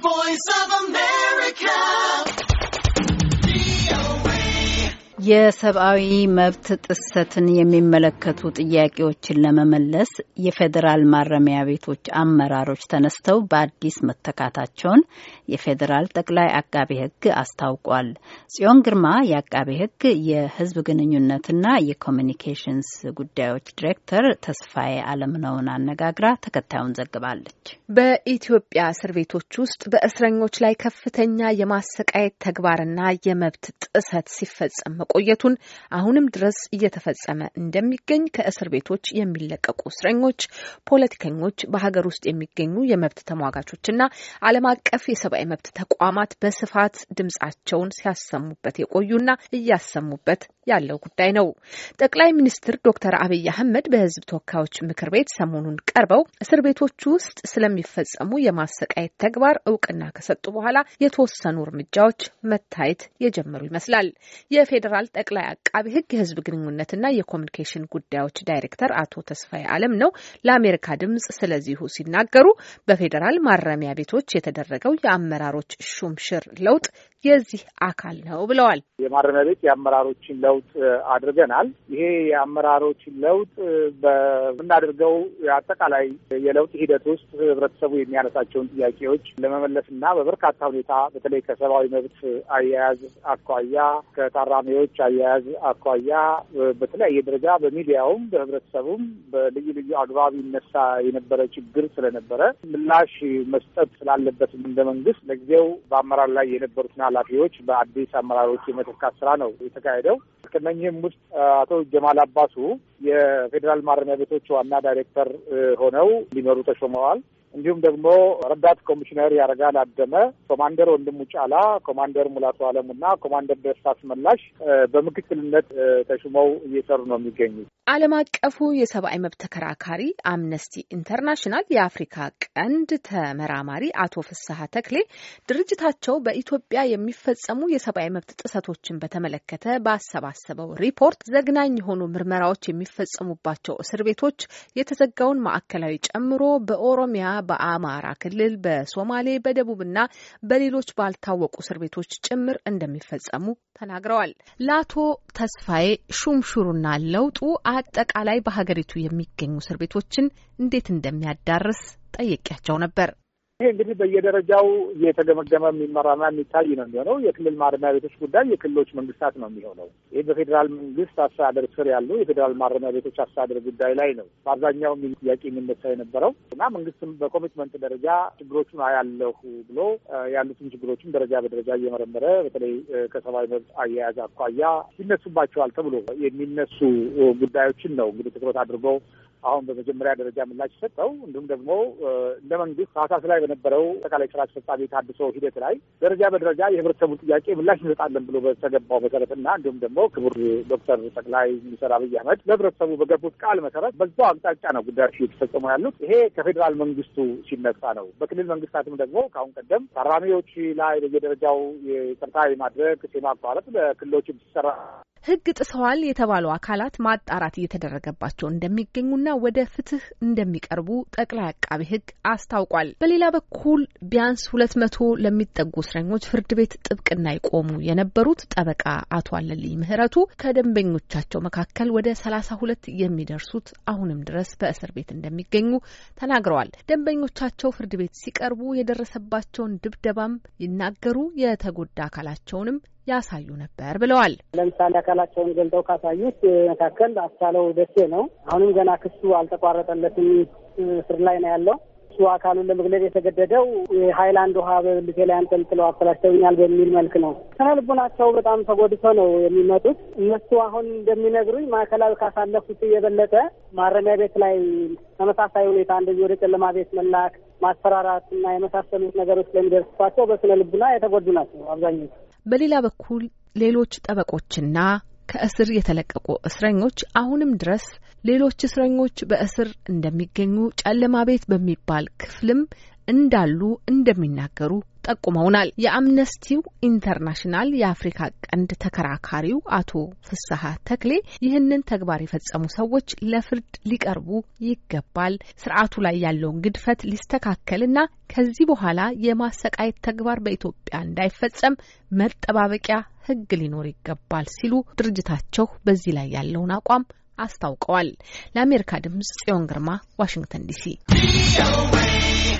Voice of America. የሰብአዊ መብት ጥሰትን የሚመለከቱ ጥያቄዎችን ለመመለስ የፌዴራል ማረሚያ ቤቶች አመራሮች ተነስተው በአዲስ መተካታቸውን የፌዴራል ጠቅላይ አቃቤ ሕግ አስታውቋል። ጽዮን ግርማ የአቃቤ ሕግ የሕዝብ ግንኙነትና የኮሚኒኬሽንስ ጉዳዮች ዲሬክተር ተስፋዬ አለምነውን አነጋግራ ተከታዩን ዘግባለች። በኢትዮጵያ እስር ቤቶች ውስጥ በእስረኞች ላይ ከፍተኛ የማሰቃየት ተግባርና የመብት ጥሰት ሲፈጸም መቆየቱን አሁንም ድረስ እየተፈጸመ እንደሚገኝ ከእስር ቤቶች የሚለቀቁ እስረኞች፣ ፖለቲከኞች፣ በሀገር ውስጥ የሚገኙ የመብት ተሟጋቾችና ዓለም አቀፍ የሰብአዊ መብት ተቋማት በስፋት ድምጻቸውን ሲያሰሙበት የቆዩና እያሰሙበት ያለው ጉዳይ ነው። ጠቅላይ ሚኒስትር ዶክተር አብይ አህመድ በህዝብ ተወካዮች ምክር ቤት ሰሞኑን ቀርበው እስር ቤቶች ውስጥ ስለሚፈጸሙ የማሰቃየት ተግባር እውቅና ከሰጡ በኋላ የተወሰኑ እርምጃዎች መታየት የጀመሩ ይመስላል። የፌዴራል ፌዴራል ጠቅላይ አቃቢ ህግ የህዝብ ግንኙነትና የኮሚኒኬሽን ጉዳዮች ዳይሬክተር አቶ ተስፋዬ አለም ነው ለአሜሪካ ድምጽ ስለዚሁ ሲናገሩ በፌዴራል ማረሚያ ቤቶች የተደረገው የአመራሮች ሹምሽር ለውጥ የዚህ አካል ነው ብለዋል። የማረሚያ ቤት የአመራሮችን ለውጥ አድርገናል። ይሄ የአመራሮችን ለውጥ በምናደርገው አጠቃላይ የለውጥ ሂደት ውስጥ ህብረተሰቡ የሚያነሳቸውን ጥያቄዎች ለመመለስና በበርካታ ሁኔታ በተለይ ከሰብአዊ መብት አያያዝ አኳያ፣ ከታራሚዎች አያያዝ አኳያ በተለያየ ደረጃ በሚዲያውም በህብረተሰቡም በልዩ ልዩ አግባብ ይነሳ የነበረ ችግር ስለነበረ ምላሽ መስጠት ስላለበት እንደ መንግስት ለጊዜው በአመራር ላይ የነበሩትና ኃላፊዎች በአዲስ አመራሮች የመተካት ስራ ነው የተካሄደው። ከነኝህም ውስጥ አቶ ጀማል አባሱ የፌዴራል ማረሚያ ቤቶች ዋና ዳይሬክተር ሆነው እንዲመሩ ተሾመዋል። እንዲሁም ደግሞ ረዳት ኮሚሽነር ያረጋል አደመ፣ ኮማንደር ወንድሙ ጫላ፣ ኮማንደር ሙላቱ አለሙና ኮማንደር ደስታ አስመላሽ በምክትልነት ተሹመው እየሰሩ ነው የሚገኙት። ዓለም አቀፉ የሰብአዊ መብት ተከራካሪ አምነስቲ ኢንተርናሽናል የአፍሪካ ቀንድ ተመራማሪ አቶ ፍስሐ ተክሌ ድርጅታቸው በኢትዮጵያ የሚፈጸሙ የሰብአዊ መብት ጥሰቶችን በተመለከተ ባሰባሰበው ሪፖርት ዘግናኝ የሆኑ ምርመራዎች የሚፈጸሙባቸው እስር ቤቶች የተዘጋውን ማዕከላዊ ጨምሮ በኦሮሚያ፣ በአማራ ክልል፣ በሶማሌ፣ በደቡብና በሌሎች ባልታወቁ እስር ቤቶች ጭምር እንደሚፈጸሙ ተናግረዋል። ለአቶ ተስፋዬ ሹምሹሩና ለውጡ በአጠቃላይ በሀገሪቱ የሚገኙ እስር ቤቶችን እንዴት እንደሚያዳርስ ጠየቂያቸው ነበር። ይህ እንግዲህ በየደረጃው እየተገመገመ የሚመራና የሚታይ ነው የሚሆነው። የክልል ማረሚያ ቤቶች ጉዳይ የክልሎች መንግስታት ነው የሚሆነው። ይህ በፌዴራል መንግስት አስተዳደር ስር ያሉ የፌዴራል ማረሚያ ቤቶች አስተዳደር ጉዳይ ላይ ነው በአብዛኛው ጥያቄ የሚነሳ የነበረው እና መንግስትም በኮሚትመንት ደረጃ ችግሮቹን አያለሁ ብሎ ያሉትን ችግሮችን ደረጃ በደረጃ እየመረመረ በተለይ ከሰብአዊ መብት አያያዝ አኳያ ይነሱባቸዋል ተብሎ የሚነሱ ጉዳዮችን ነው እንግዲህ ትኩረት አድርጎ አሁን በመጀመሪያ ደረጃ ምላሽ ሰጠው። እንዲሁም ደግሞ እንደ መንግስት ሀሳስ ላይ በነበረው አጠቃላይ ስራ አስፈጻሚ ታድሶ ሂደት ላይ ደረጃ በደረጃ የህብረተሰቡን ጥያቄ ምላሽ እንሰጣለን ብሎ በተገባው መሰረትና እንዲሁም ደግሞ ክቡር ዶክተር ጠቅላይ ሚኒስትር አብይ አህመድ ለህብረተሰቡ በገቡት ቃል መሰረት በዛው አቅጣጫ ነው ጉዳዮች እየተፈጸሙ ያሉት። ይሄ ከፌዴራል መንግስቱ ሲነሳ ነው። በክልል መንግስታትም ደግሞ ከአሁን ቀደም ታራሚዎች ላይ በየደረጃው ይቅርታ የማድረግ የማቋረጥ ለክልሎችም ሲሰራ ህግ ጥሰዋል የተባሉ አካላት ማጣራት እየተደረገባቸው እንደሚገኙና ወደ ፍትህ እንደሚቀርቡ ጠቅላይ አቃቢ ህግ አስታውቋል። በሌላ በኩል ቢያንስ ሁለት መቶ ለሚጠጉ እስረኞች ፍርድ ቤት ጥብቅና ይቆሙ የነበሩት ጠበቃ አቶ አለልኝ ምህረቱ ከደንበኞቻቸው መካከል ወደ ሰላሳ ሁለት የሚደርሱት አሁንም ድረስ በእስር ቤት እንደሚገኙ ተናግረዋል። ደንበኞቻቸው ፍርድ ቤት ሲቀርቡ የደረሰባቸውን ድብደባም ይናገሩ የተጎዳ አካላቸውንም ያሳዩ ነበር ብለዋል። ለምሳሌ አካላቸውን ገልጠው ካሳዩት መካከል አስቻለው ደሴ ነው። አሁንም ገና ክሱ አልተቋረጠለትም፣ እስር ላይ ነው ያለው። እሱ አካሉን ለመግለጽ የተገደደው የሀይላንድ ውሃ በብልቴ ላይ አንጠልጥለው አፈላሽተውኛል በሚል መልክ ነው። ስነ ልቡናቸው በጣም ተጎድቶ ነው የሚመጡት። እነሱ አሁን እንደሚነግሩኝ ማዕከላዊ ካሳለፉት የበለጠ ማረሚያ ቤት ላይ ተመሳሳይ ሁኔታ እንደዚህ ወደ ጨለማ ቤት መላክ ማስፈራራት እና የመሳሰሉት ነገሮች ስለሚደርስባቸው በስነ ልቡና የተጎዱ ናቸው አብዛኞቹ። በሌላ በኩል ሌሎች ጠበቆችና ከእስር የተለቀቁ እስረኞች አሁንም ድረስ ሌሎች እስረኞች በእስር እንደሚገኙ ጨለማ ቤት በሚባል ክፍልም እንዳሉ እንደሚናገሩ ጠቁመውናል። የአምነስቲው ኢንተርናሽናል የአፍሪካ ቀንድ ተከራካሪው አቶ ፍስሀ ተክሌ ይህንን ተግባር የፈጸሙ ሰዎች ለፍርድ ሊቀርቡ ይገባል፣ ስርዓቱ ላይ ያለውን ግድፈት ሊስተካከል እና ከዚህ በኋላ የማሰቃየት ተግባር በኢትዮጵያ እንዳይፈጸም መጠባበቂያ ሕግ ሊኖር ይገባል ሲሉ ድርጅታቸው በዚህ ላይ ያለውን አቋም አስታውቀዋል። ለአሜሪካ ድምጽ ጽዮን ግርማ ዋሽንግተን ዲሲ